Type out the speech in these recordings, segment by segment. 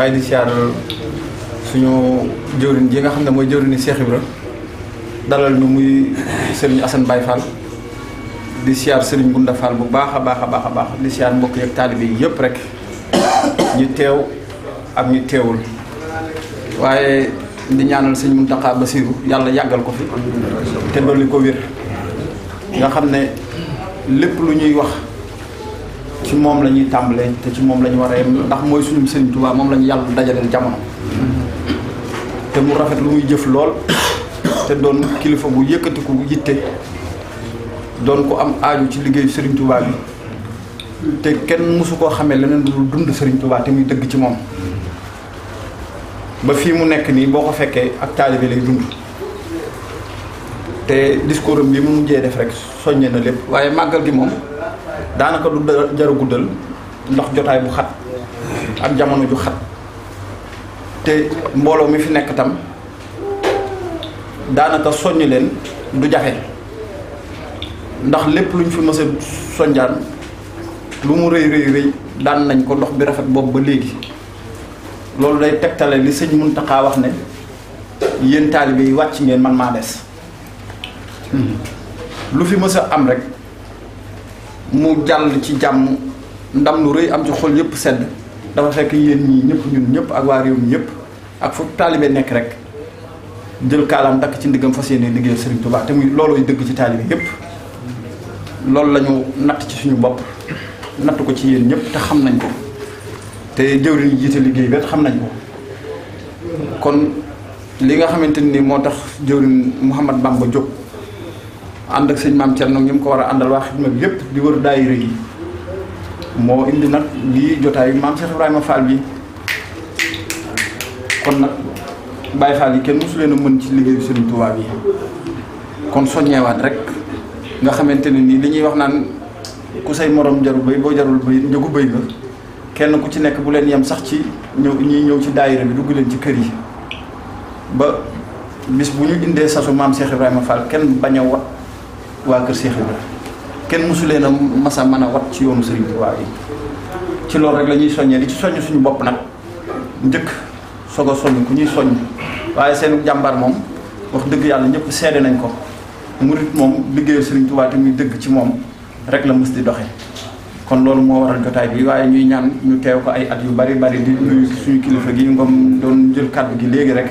waaye di siyaar suñu jëwriñ ji nga xam ne mooy jëwriñu Cheikh Ibra dalal ñu muy sëriñ Assane Baye Fall di siyaar sëriñ Gunda Fall bu baax a baax a baax a baax di siyaar mbokk yeeg taalibe yi yëpp rek ñi teew ak ñi teewul waaye di ñaanal sëñ Mountakha Bassirou yàlla yàggal ko fi te dolli ko wér nga xam ne lépp lu ñuy wax ci moom la ñuy tàmbalee te ci moom la ñu war a yem ndax mooy suñu Sëriñ Tuubaa moom la ñu yàlla dajaleel jamono te mu rafet lu muy jëf lool te doon kilifa bu yëkkatiku yitte doon ko am aaju ci liggéeyu Sëriñ Tuubaa bi te kenn mësu koo xamee leneen lu dund Sëriñ Tuubaa te muy dëgg ci moom ba fii mu nekk nii boo ko fekkee ak taalibe lay dund te discours am bi mu mujjee def rek soññe na lépp waaye màggal gi moom daanaka du jar a guddal ndax jotaay bu xat ak jamono ju xat te mbooloo mi fi nekk tam daanaka soññ leen du jafe ndax lépp luñ fi mës a lu mu rëy rëy rëy daan nañ ko ndox bi rafet boobu ba léegi loolu day tegtale li sëñ Muntaxa wax ne yéen taalibe yi wàcc ngeen man maa des lu fi mës a am rek mu jàll ci jàmm ndam lu rëy am ci xol yëpp sedd dafa fekk yéen ñii ñëpp ñun ñëpp ak waa réew mi yëpp ak fu taalibe nekk rek jël kaalaam takk ci ndiggam fas yéene liggéeyal Serigne Touba te muy loolooy dëgg ci taalibe yëpp loolu lañu ñu natt ci suñu bopp natt ko ci yéen ñëpp te xam nañ ko te jëwriñ jiite liggéey bi xam nañ ko kon li nga xamante ni moo tax jëwriñ Mouhamad Bamba jóg ànd ak sëñ maam Thierno ñi mu ko war a àndal waa xidma bi yépp di wër daayira yi moo indi nag lii jotaayu maam Cheikh Ibrahima Fall bi kon nag Baye Fall yi kenn mosu leen a mën ci liggéeyu Sëriñ Tuubaa bi kon soññewaat rek nga xamante ne nii li ñuy wax naan ku say morom jarul bay boo jarul bay njëgu bay nga kenn ku ci nekk bu leen yem sax ci ñëw ñëw ci daayira bi dugg leen ci kër yi ba bis bu ñu indee sasu maam Cheikh Ibrahima Fall kenn bañ waa kër Cheikh Ibrahima kenn mosu leen a masa mën a wat ci yoonu Serigne Touba ci loolu rek lañuy ñuy soññee di ci soññ suñu bopp nag njëkk soog a soññ ku ñuy soññ waaye seen jàmbaar moom wax dëgg yàlla ñëpp seede nañ ko murit moom liggéeyal Serigne Touba muy dëgg ci moom rek la mës di doxe kon loolu moo waral jotaay bi waaye ñuy ñaan ñu teew ko ay at yu bari bari di nuyu suñu kilifa gi ngom doon jël kàddu gi léegi rek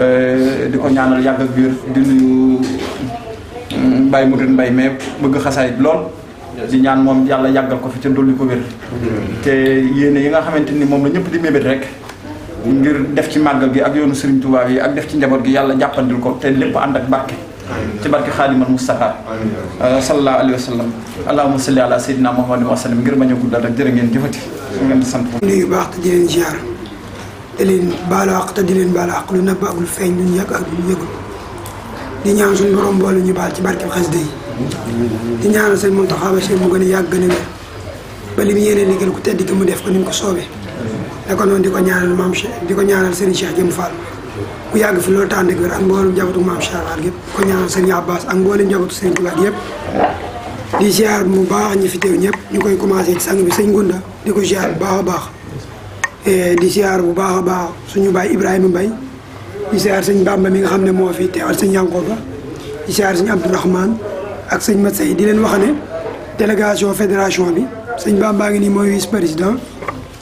euh, di ko ñaanal yàgg ak biir di nuyu Mbaye mu dul Mbaye mais bëgg xasaayit lool. di ñaan moom yàlla yàggal ko fi ca dolli ko wér. te yéene yi nga xamante ni moom la ñëpp di mébét rek. ngir def ci màggal gi ak yoonu Serigne Touba yi ak def ci njaboot gi yàlla jàppandil ko te lépp ànd ak barke. ci barke xaadimal Mustafa sallallahu alayhi wa sallam. allahumma salli ala sayyidina Muhammadin wa sallam ngir bañ a guddal rek jërë ngeen jëfati. ñu ngeen di sant bu nuyu baax te di leen ziar. di leen baalu àq te di leen baalu àq lu nëbb ak di ñaan suñu borom boole ñu baal ci barke xasida yi di ñaanal sëñ Muntaxa Basiir mu gën a yàgg gën a wér ba li mu yéene liggéey ku tedd gi mu def ko ni ko soobee da ko noonu di ko ñaanal maam Cheikh di ko ñaanal sëriñ Cheikh Jëm Fall ku yàgg fi loolu tànn ak mboolu ak mboolem njabootu maam Cheikh Al yëpp ko ñaanal sëriñ Abbas ak mboolem njabootu sëriñ Tuubaa yëpp di ziar mu baax ñi fi teew ñëpp ñu koy commencé ci sang bi sëñ Gunda di ko ziar bu baax baax eh, di ziar bu baax a baax suñu baay Ibrahima Mbaye di siyaar sëñ Bamba mi nga xam ne moo fi teewal sëñ Yankooba di siyaar sëñ Abdourahmane ak sëñ Mat Sey di leen wax ne délégation fédération bi sëñ Bamba ngi nii mooy vice président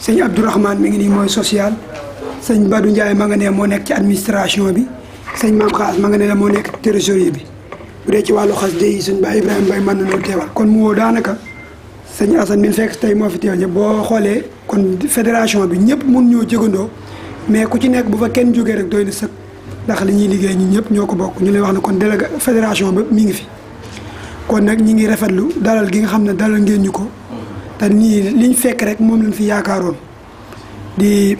sëñ Abdourahmane mi ngi nii mooy social sëñ Badou Ndiaye ma nga ne moo nekk ci administration bi sëñ Maam Xaas ma nga ne la moo nekk trésorier bi bu dee ci wàllu xas day sëñ Baay Ibrahima Mbaye mën na noo teewal kon mu woo daanaka sëñ Assane min fekk tey moo fi teew ñëpp boo xoolee kon fédération bi ñëpp mun ñoo jëgandoo mais ku ci nekk bu fa kenn jógee rek doy na sëkk ndax li ñuy liggéey ñun ñëpp ñoo ko bokk ñu lay wax ne kon délégué fédération ba mu ngi fi kon nag ñi ngi rafetlu dalal gi nga xam ne dalal ngéen ñu ko te nii liñ fekk rek moom lañ fi yaakaaroon di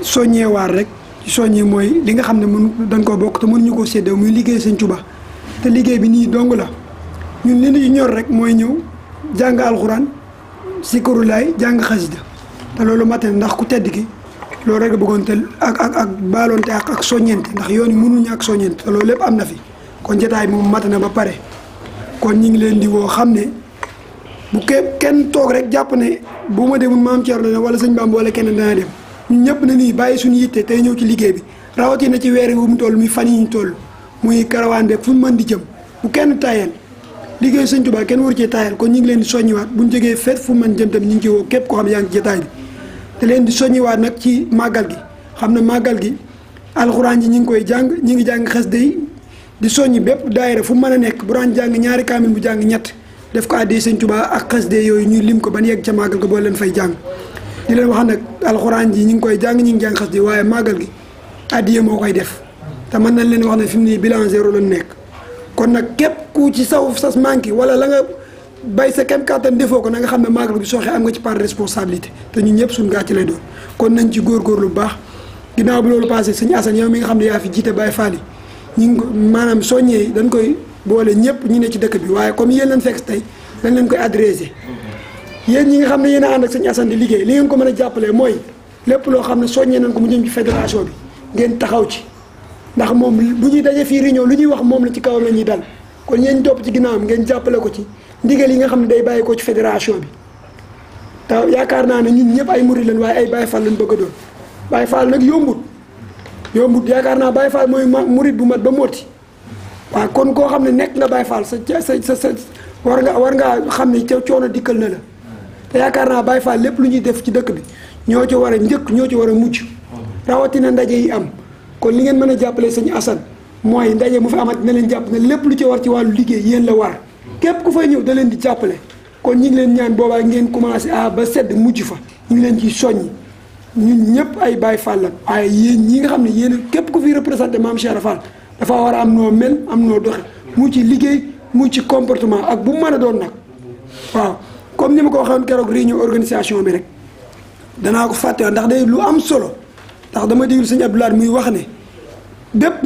soññeewaar rek soññee mooy li nga xam ne mun dañ koo bokk te mënuñu koo séddee muy liggéey Sëñ Tuubaa te liggéey bi nii dong la ñun li ñuy ñor rek mooy ñëw jàng alxuraan sikarulaay jàng xasida te loolu mate ndax ku tedd gi loolu rek bëggoon te ak ak ak baaloonte ak ak ndax yoon yi mënul ñàkk soññente te loolu lépp am na fi kon jotaay moom mat na ba pare kon ñu ngi leen di woo xam ne bu képp kenn toog rek jàpp ne bu ma demul maam Thierno dana wala sëñ Bamba wala kenn dana ñëpp na nii bàyyi suñu yitte tey ñëw ci liggéey bi rawatina ci weer wu mu toll muy fan yi ñu toll muy karawaan beeg fu mën di jëm bu kenn tayal liggéey sëñ Tuubaa kenn waru cee kon ñu ngi leen di soññiwaat bu ñu jógee fet fu mu jëm tamit ñu ngi ci woo képp koo xam yaa ngi ci bi te leen di soññiwaat nag ci màggal gi xam na màggal gi alxuraan ji ñi ngi koy jàng ñi ngi jàng xes day di soññi bépp daayira fu mën a nekk bu daan jàng ñaari kaamil bu jàng ñett def ko àddee sëñ Tuubaa ak xes yooyu ñuy lim ko ban yegg ca màggal ko boo leen fay jàng di leen wax nag alxuraan ji ñi ngi koy jàng ñi ngi jàng xes day waaye màggal gi àddiyee moo koy def te mën nañ leen wax ne fi mu ne bilan zéro lañ nekk kon nag képp ku ci saw sas manqué wala la bay sa kem kàttan defoo ko nanga xam ne màggal gi sooxee am nga ci part responsabilité te ñun ñëpp suñ gaa ci lay doon kon nañ ci góorgóorlu bu baax ginnaaw bi loolu passé sëñ Assane yow mi nga xam ne yaa fi jiite Baye Fall yi ñu maanaam soññee dañ koy boole ñëpp ñu ne ci dëkk bi waaye comme yéen leen fekk tey dañ leen koy adressé yéen ñi nga xam ne yéen a ànd ak sëñ Assane di liggéey li ngeen ko mën a jàppalee mooy lépp loo xam ne soññee nañ ko mu jëm ci fédération bi ngeen taxaw ci ndax moom bu ñuy daje fii réunion lu ñuy wax moom la ci kaw la ñuy dal kon yéen topp ci ginnaawam ngeen jàppale ko ci ndigal yi nga xam ne day bàyyi ko ci fédération bi taw yaakaar naa ne ñun ñëpp ay murid lañ waaye ay Baye Fall lañ bëgg a doon Baye Fall nag yombut yombut yaakaar naa Baye Fall mooy murid bu mat ba motti kon koo xam ne nekk nga Baye Fall sa sa sa war nga war ngaa xam ne ca coono dikkal na la te yaakaar naa Baye Fall lépp lu ñuy def ci dëkk bi ñoo ci war a njëkk ñoo ci war a mujj rawatina ndaje yi am kon li ngeen mën a jàppale sëñ Assane mooy ndaje mu fi amat ne leen jàpp nga lépp lu ci war ci wàllu liggéey yéen la war. képp ku fay ñëw da leen di jàppale kon ñu ngi leen ñaan boobaa ngeen commencé a ba sedd mujj fa ñu ngi leen ciy soññi ñun ñëpp ay Baay Faal la waaye yéen ñi nga xam ne yéen képp ku fi représenté maam Cheikh Fall dafa war a am noo mel am noo doxe mu ci liggéey mu ci comportement ak bu mu mën a doon nag waaw comme ni ma ko waxoon keroog réunion organisation bi rek danaa ko fàtte ndax day lu am solo ndax dama déglu sëñ Abdoulaye muy wax ne bépp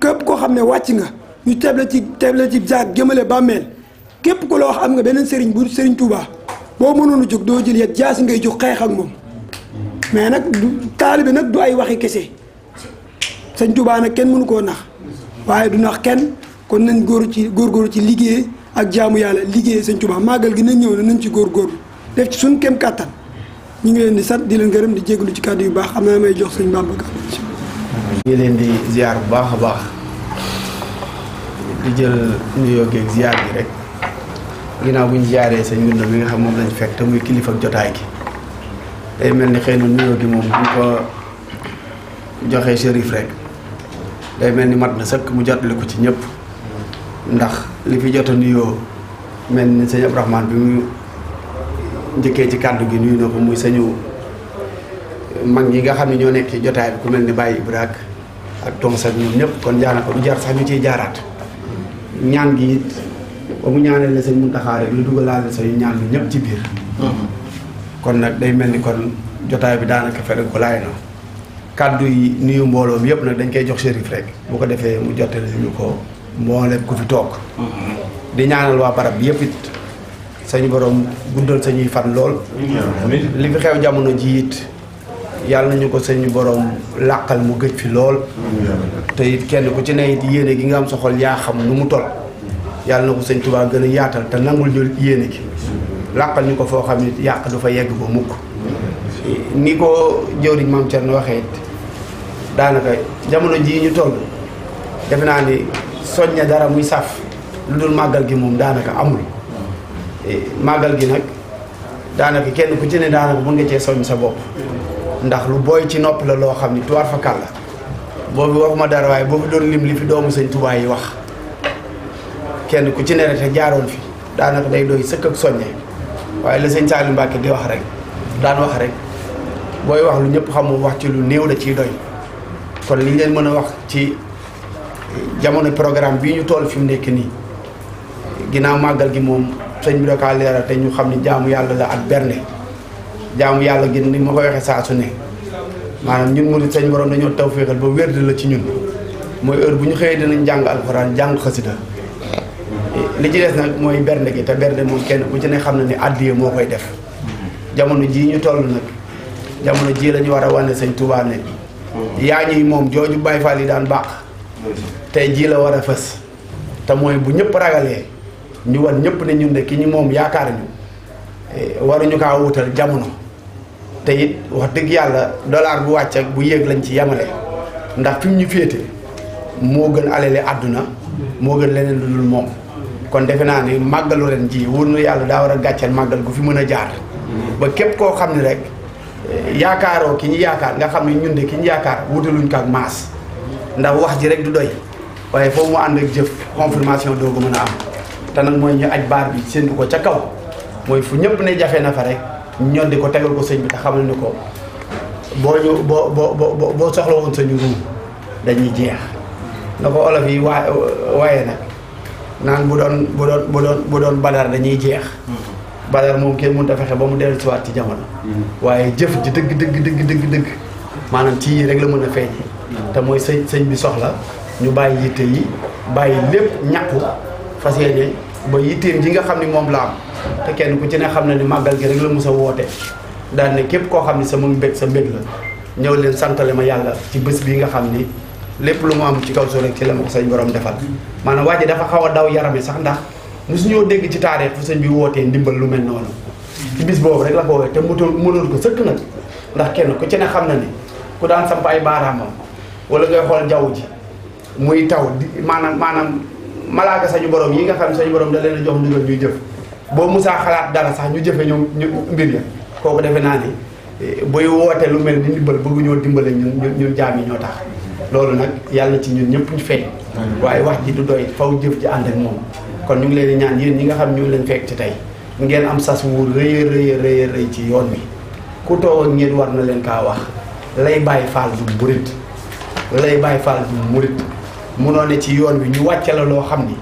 képp koo xam ne wàcc nga ñu teble ci teble ci jaag jëmale bàmmeel képp ku la wax am nga beneen sëriñ bu sëriñ Touba boo mënoon a jóg doo jël yat jaasi ngay jóg xeex ak moom mais nag du taalibe nag du ay waxe kese sëñ Touba nag kenn mënu koo nax waaye du nax kenn kon nañ góor ci góorgóorlu ci liggéey ak jaamu yàlla liggéey sëñ Touba màggal gi nañ ñëw na nañ ci góorgóorlu def ci suñ kem kàttan ñu ngi leen di sant di leen gërëm di jégalu ci kàddu yu baax xam naa may jox sëñ Bamba ñu ngi leen di ziar bu baax a baax di jël nuyoo geeg ziar bi rek. ginnaaw bu ñu jaaree sëñ Mbinda mi nga xam moom lañ fekk te muy kilifa ak jotaay gi day mel ni xëy na nuyoo gi moom bu ñu ko joxee shérif day mel ni mat na sëkk mu jotale ko ci ñëpp ndax li fi jot mel ni sëñ bi mu njëkkee ci kàddu gi nuyu na ko muy sëñu mag yi nga xam ne ñoo nekk ci jotaay bi ku mel ni bàyyi Ibrahima ak Tom Sall ñoom ñëpp kon jaar ko du jaar sax ñu ciy jaaraat ñaan gi it ba mu ñaanee la mun Muntaxa rek lu dugalaale say ñaan bi ñëpp ci biir kon nag day mel ni kon jotaay bi daanaka fekk ko laay na kàddu yi nuyu mbooloom yëpp nag dañ koy jox shérif rek bu ko defee mu jottali ñu ko mboolem ku fi toog di ñaanal waa barab bi yëpp it sañu borom guddal sañuy fan lool li fi xew jamono ji it yàlla nañu ko sañu borom làqal mu gëj fi lool te it kenn ku ci ne it yéene gi nga am sa xol yaa xam nu mu tol yàlla na ko sëñ Tuubaa gën a yaatal te nangul ñu yéene gi làqal ñu ko foo xam ne yàq du fa yegg ba mukk ni ko jëwriñ maam Thierno waxee it daanaka jamono jii ñu toll defe naa ni soñña dara muy saf lu dul màggal gi moom daanaka amul e, màggal gi nag daanaka kenn ku ci ne daanaka mën nga cee soññ sa bopp ndax lu booy ci nopp la loo xam ni tuwaar fa la boobu waxuma dara waaye boobu doon lim li fi doomu sëñ Tuubaa yi wax kenn ku ci ne jaaroon fi daanaka day doy sëkk ak soññe waaye la sëñ Saliou Mbacke di wax rek daan wax rek booy wax lu ñëpp xamul wax ci lu néew la ciy doy kon li ngeen mën a wax ci jamono programme bii ñu toll fi mu nekk nii ginnaaw màggal gi moom sëñ bi da kaa xam ni jaamu yàlla la ak berne yàlla gi ni ma ko waxee saa su ne maanaam waroon dañoo taw féexal ba la ci ñun mooy heure bu ñu xëyee dinañ jàng alxuraan jàng xasida li ci des nag mooy bernde gi te bernde moom kenn ku ci ne xam na ne addiye moo koy def jamono jii ñu toll nag jamono jii lañu war a wane sëñ Tuubaa ne yaa ñuy moom jooju Baay Faal yi daan baax tey jii la war a fës te mooy bu ñëpp ragalee ñu wan ñëpp ne ñu de ki ñu moom yaakaar ñu eh, waruñu kaa wutal jamono tey wax dëgg yàlla dollar bu wàcc ak bu yéeg lañ ci yemale ndax fi ñu féete moo gën alele àdduna moo gën leneen lu dul moom kon defe naa ni màggalu ren ji wóor na yàlla daa war a gàcceel màggal gu fi mën a jaar mhm. ba képp koo xam ne rek yaakaaroo ki ñu yaakaar nga xam ne ñun de ki ñu yaakaar wutaluñ ko ak maas ndax wax ji rek du doy waaye foofu mu ànd ak jëf confirmation doogu mën a am te nag mooy ñu aj baat bi séntu ko ca kaw mooy fu ñëpp ne jafe na fa rek ñoon di ko tegal ko sëñ bi te xamal ni ko boo ñu boo boo boo soxla woon sañu ruum dañuy jeex na ko olof yi waa waaye nag naan bu doon bu doon bu doon bu doon badar dañuy jeex mm-hmm. badar moom kenn mun a fexe ba mu dellu siwaat ci jamono mm-hmm. waaye jëf ji dëgg dëgg dëgg dëgg dëgg maanaam ci yii rek la mën a feeñee mm-hmm. te mooy sëñ sëñ bi soxla ñu bàyyi yitte yi bàyyi lépp ñàkku fas yéene ba yitteem ji nga xam ni moom la am te kenn ku ci ne xam ne ni màggal gi rek la mos a woote daan ne képp koo xam ni sama mbég sa mbég la ñëw leen santale ma yàlla ci bés bi nga xam ni lépp lu mu am ci kaw suuf rek ci la ma ko sëñ borom defal maanaam waa ji dafa xaw a daw yarame sax ndax mosu ñoo dégg ci taarix fu sëñ bi wootee ndimbal lu mel noonu ci bis boobu rek la ko woowee te mëtoon mënoon ko sëkk nag ndax kenn ku ci ne xam ne ni ku daan samp ay baaraamam wala ngay xool jaww ji muy taw di maanaam maanaam malaaka sañu borom yi nga xam ne sañu borom da leen a jox ndigal ñuy jëf boo musaa xalaat dala sax ñu jëfe ñoom ñu mbir kooku defe naa ni eh, buy woote lu mel ni ndimbal bëgg ñoo dimbale ñun jaam yi ñoo tax loolu nag yàlla na ci ñun ñëpp ñu feeñ waaye wax ji lu doy faw jëf ji ànd ak moom kon ñu ngi leen di ñaan yéen ñi nga xam ñu ngi leen fekk ci tey ngeen am sas wu rëy rëy rëy rëy ci yoon bi ku toog ak ngeen war na leen kaa wax lay bàyyi faal bu murit lay bàyyi faal bu murit munoo ne ci yoon wi ñu wàcce la loo xam ni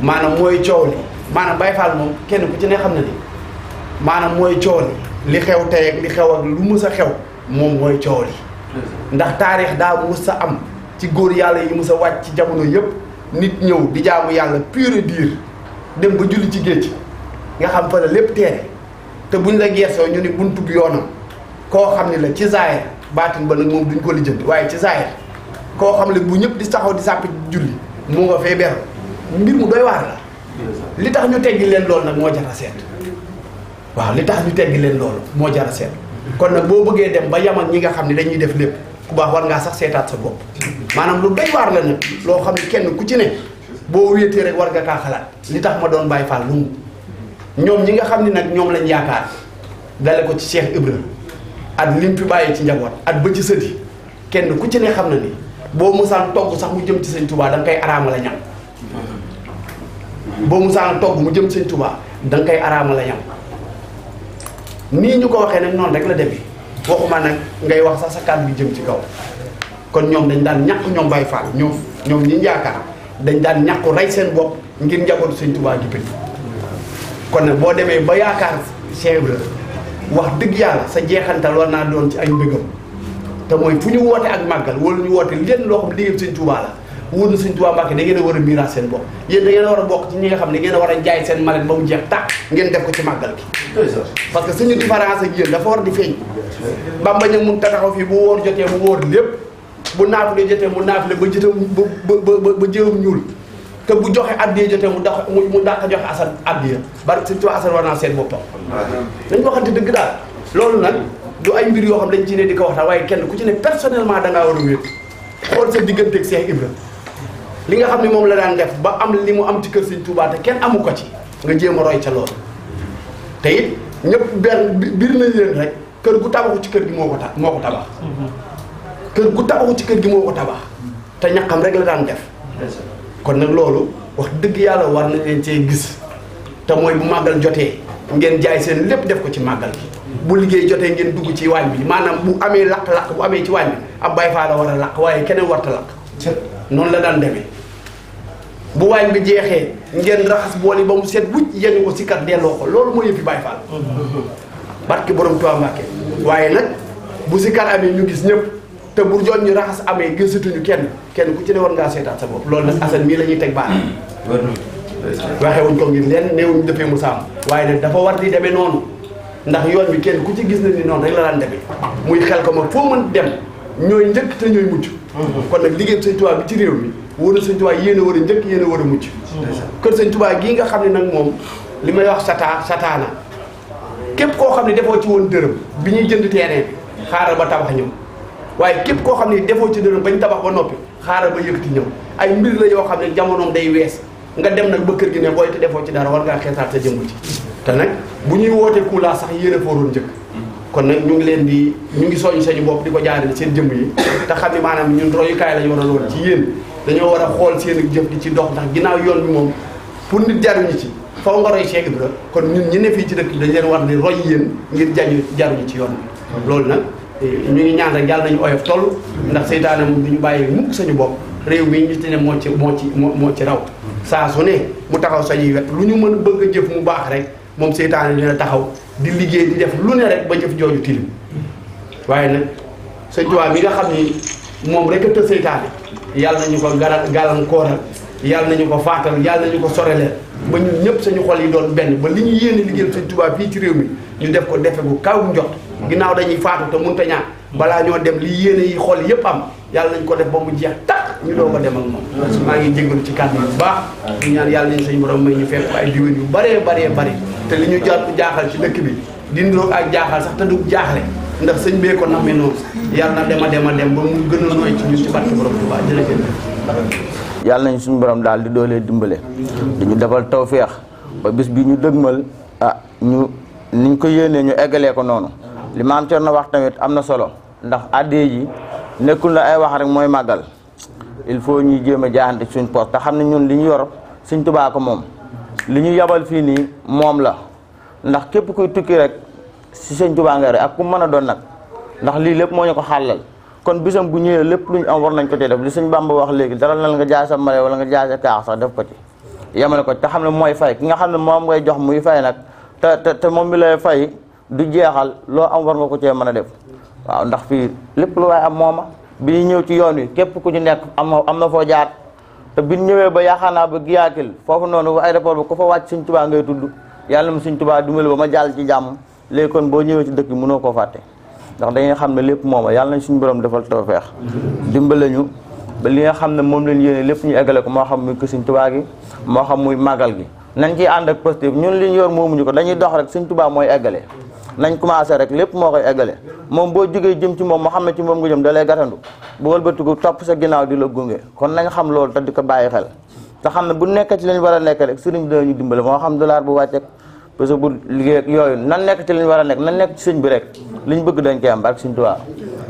maanaam mooy coow li maanaam bàyyi faal moom kenn ku ci ne xam ne ni maanaam mooy coow li li xew tey ak li xew ak lu mës a xew moom mooy coow li ndax taarix daa mus sa am ci góor yàlla yi mus a wàcc ci jamono yépp nit ñëw di jaamu yàlla pur et dem ba julli ci géej nga xam fa lépp teere te buñ la geesoo ñu ni buntu yoonam koo xam ne la ci zaahir baatin ba nag moom duñ ko lijjanti waaye ci zaahir koo xam ne bu ñëpp di taxaw di sàpp julli moo nga fee beru mbir mu bay waar la li tax ñu teggi leen loolu nag moo jar a seet waaw li tax ñu teggi leen loolu moo jar a seet kon nag boo bëggee dem ba yam ñi nga xam ne dañuy def lépp ku baax war ngaa sax seetaat sa bopp maanaam lu doy waar la nag loo xam ne kenn ku ci ne boo wéetee rek war nga kaa xalaat li tax ma doon bàyyi faal lungu ñoom ñi nga xam ne nag ñoom lañ yaakaar dale ko ci Cheikh Ibra ak lim fi bàyyi ci njaboot ak ba ci kenn ku ci ne xam na ni boo musaan togg sax mu jëm ci sëñ Touba koy araama la ñam boo musaan togg mu jëm ci sëñ Touba da koy araama la ñam nii ñu ko waxee nag noonu rek la demee waxuma nag ngay wax sax sa kàddu gi jëm ci kaw kon ñoom dañ daan ñàkk ñoom Baye Fall ñoom ñoom ñi yaakaar dañ daan ñàkku rey seen bopp ngir njabootu sëñ Tuubaa gi pét kon nag boo demee ba yaakaar Cheikh Ibra wax dëgg yàlla sa jeexantal war naa doon ci ay mbégam te mooy fu ñu woote ak màggal wala ñu woote lenn loo xam liggéey sëñ Tuubaa la wóor na sëñ Tuubaa Mbàkke da ngeen a war a miiraa seen bopp yéen da ngeen a war a bokk ci ñi nga xam ne ngeen a war a jaay ba mu jeex tàkk ngeen def ko ci màggal gi parce que suñu différence ak yéen dafa war di feeñ Bàmba ñu mun taxaw fii bu wóor jotee mu wóor lépp bu naafule jotee ba jëtam ba jëwam ñuul te bu joxe addiya jotee mu dax mu dàq joxe asan addiya bari sëñ Tuubaa asan war naa seen boppam dañ waxante dëgg daal loolu nag du ay mbir yoo xam dañ ci di ko waxtaan waaye kenn ku ci ne personnellement dangaa war a wéet xool sa li nga xam ne moom la daan def ba am li mu am ci kër Sëñ Tuubaa kenn amu ko ci nga jéem a roy ca loolu te it ñëpp benn bi nañ leen rek kër gu tabaxu ci kër gi moo ko ta moo ko tabax kër gu tabaxu ci kër gi moo ko tabax te ñaxam rek la daan def kon nag loolu wax dëgg yàlla war na leen cee gis te mooy bu màggal jotee ngeen jaay seen lépp def ko ci màggal gi bu liggéey jotee ngeen dugg ci waañ bi maanaam bu amee lakk-lakk bu amee ci waañ bi ab bay faa la war a lakk waaye keneen warta lakk noonu la daan demee bu waañ bi jeexee ngeen raxas bool yi ba mu set wucc yéen ko sikkat delloo ko loolu moo yëfi Baye Fall barke borom Tuubaa Mbàkke waaye nag bu sikkat amee ñu gis ñëpp te bu joon ñu raxas amee gisatuñu kenn kenn ku ci ne war ngaa seetaat sa loolu nag Assane mii la ñuy teg baax waxewuñ ko ngir leen néewuñ defee mu saam waaye nag dafa war di demee noonu ndax yoon bi kenn ku ci gis na ni noonu rek la daan demee muy xel ko ma foo mën dem ñooy njëkk te ñooy mucc mm-hmm. kon nag liggéey Sëñ Tuubaa bi ci réew mi wóor na sëñ yéen war a njëkk yéen a war a mucc kër sëñ Tuubaa gii nga xam ne nag moom li may wax sataa sataana képp koo xam ne defoo ci woon dërëm bi ñuy jënd terrain bi xaaral ba tabax ñëw waaye képp koo xam ne defoo ci dërëm bañ tabax ba noppi xaaral ba yëkkati ñëw ay mbir la yoo xam ne jamonoom day wees nga dem nag ba kër gi ne booy te defoo ci dara war ngaa xeesaat sa jëmb ci te nag bu ñuy wootee Kula sax yéen a fooroon njëkk kon nag ñu ngi leen di ñu ngi soññ sañu bopp di ko jaarale seen jëmm yi te xam ne maanaam ñun royukaay la ñu waroon woon ci yéen dañoo war a xool seen ak jëf di ci dox ndax ginnaaw yoon bi moom pour nit jaruñu ci faw nga roy Cheikh Ibra kon ñun ñi ne fii ci dëkk dañ leen war di roy yéen ngir jañu jaruñu ci yoon bi loolu nag eh, ñu ngi ñaan rek yàlla nañu oyof toll ndax seytaane moom du ñu bàyyi mukk sañu bopp réew mi ñu ne moo ci moo ci moo ci raw saa su ne mu taxaw sañuy wet lu ñu mën bëgg a jëf mu baax rek moom seytaane dina taxaw di liggéey di def lu ne rek ba jëf jooju tilim waaye nag sëñ Tuubaa mi nga xam ni moom rek a yàlla nañu ko garal gàllankooral yàlla ñu ko faatal yàlla ñu ko soreleel ba ñu ñëpp suñu xol yi doon benn ba li ñu yéene liggéeyal suñ tubaab fii ci réew mi ñu def ko defe bu kaw njot ginnaaw dañuy faatu te mënta ñaan balaa ñoo dem li yéene yi xol yëpp am yàlla nañ ko def ba mu jeex takk ñu doo ko demal ak moom maa ngi jégalu ci kàddu bu baax ñu yàlla nañu suñu borom may ñu fekk ay diwén yu baree baree bare te li ñu bu jaaxal ci dëkk bi dindoo ak jaaxal sax te jaaxle ndax sëñ bee ko nammee noonu yàlla na dem a dem ba mu gën a nooy ci ñun ci yàlla nañ suñu borom daal di doolee dimbale dañu defal feex ba bis bi ñu dëgmal ah ñu niñ ko yéenee ñu eggalee ko noonu li maam Thierno wax tamit am na solo ndax addee ji nekkul na ay wax rek mooy màggal il faut ñuy jéem a jaayante suñ poste te xam ne ñun li ñu yor suñ Tuubaa moom li ñu yabal fii nii moom la ndax képp kuy tukki rek. si sëñ Tuubaa nga ak ku mën a doon nag ndax lii lépp moo ñu ko xàllal kon bisam bu ñëwee lépp lu ñu am war nañ ko tey def li sëñ Bàmba wax léegi dara na la nga jaay sa male wala nga jaay sa kaax sax def ko ci yemale ko te xam ne mooy fay ki nga xam ne moom ngay jox muy fay nag te te te moom mi lay fay du jeexal loo am war nga ko cee mën a def waaw ndax fii lépp lu waaye am mooma bi ñu ñëw ci yoon wi képp ku ci nekk am am na foo jaar te bi ñu ñëwee ba yaakaar naa ba giyaakil foofu noonu aéroport ba ku fa wàcc sëñ Tuubaa ngay tudd yàlla mu sëñ Tuubaa dimbali ba ma jàll ci jàmm léegi kon boo ñëwee ci dëkk bi mënoo koo fàtte ndax dangay xam ne lépp mooma yàlla nañ suñu borom defal tawfeex dimbale ñu ba li nga xam ne moom leen yéene lépp ñu eggale ko moo xam muy ko suñ tubaa moo xam muy màggal gi nañ ciy ànd ak positif ñun liñ yor moomuñu ko dañuy dox rek suñ tubaa mooy eggale nañ commencé rek lépp moo koy eggale moom boo jógee jëm ci moo xam ne ci moom nga jëm da lay gatandu bu wëlbatiku topp sa ginnaaw di la gunge kon nañ xam loolu te di ko bàyyi xel te xam ne bu nekk ci lañ war a nekk rek sëriñ bi dinañu dimbale moo xam dollar bu wàcceek parce que bu liggéey ak yooyu nan nekk ci liñ war a nekk nan nekk ci sëñ bi rek liñ bëgg dañ koy am barke sëñ Tuubaa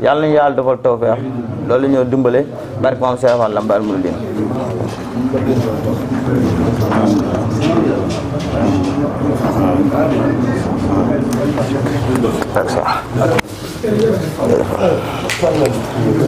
yàlla nañu yàlla defal tawfeex loolu ñoo dimbale barke moom Cheikh Fall Lambaye Mourideen Thanks.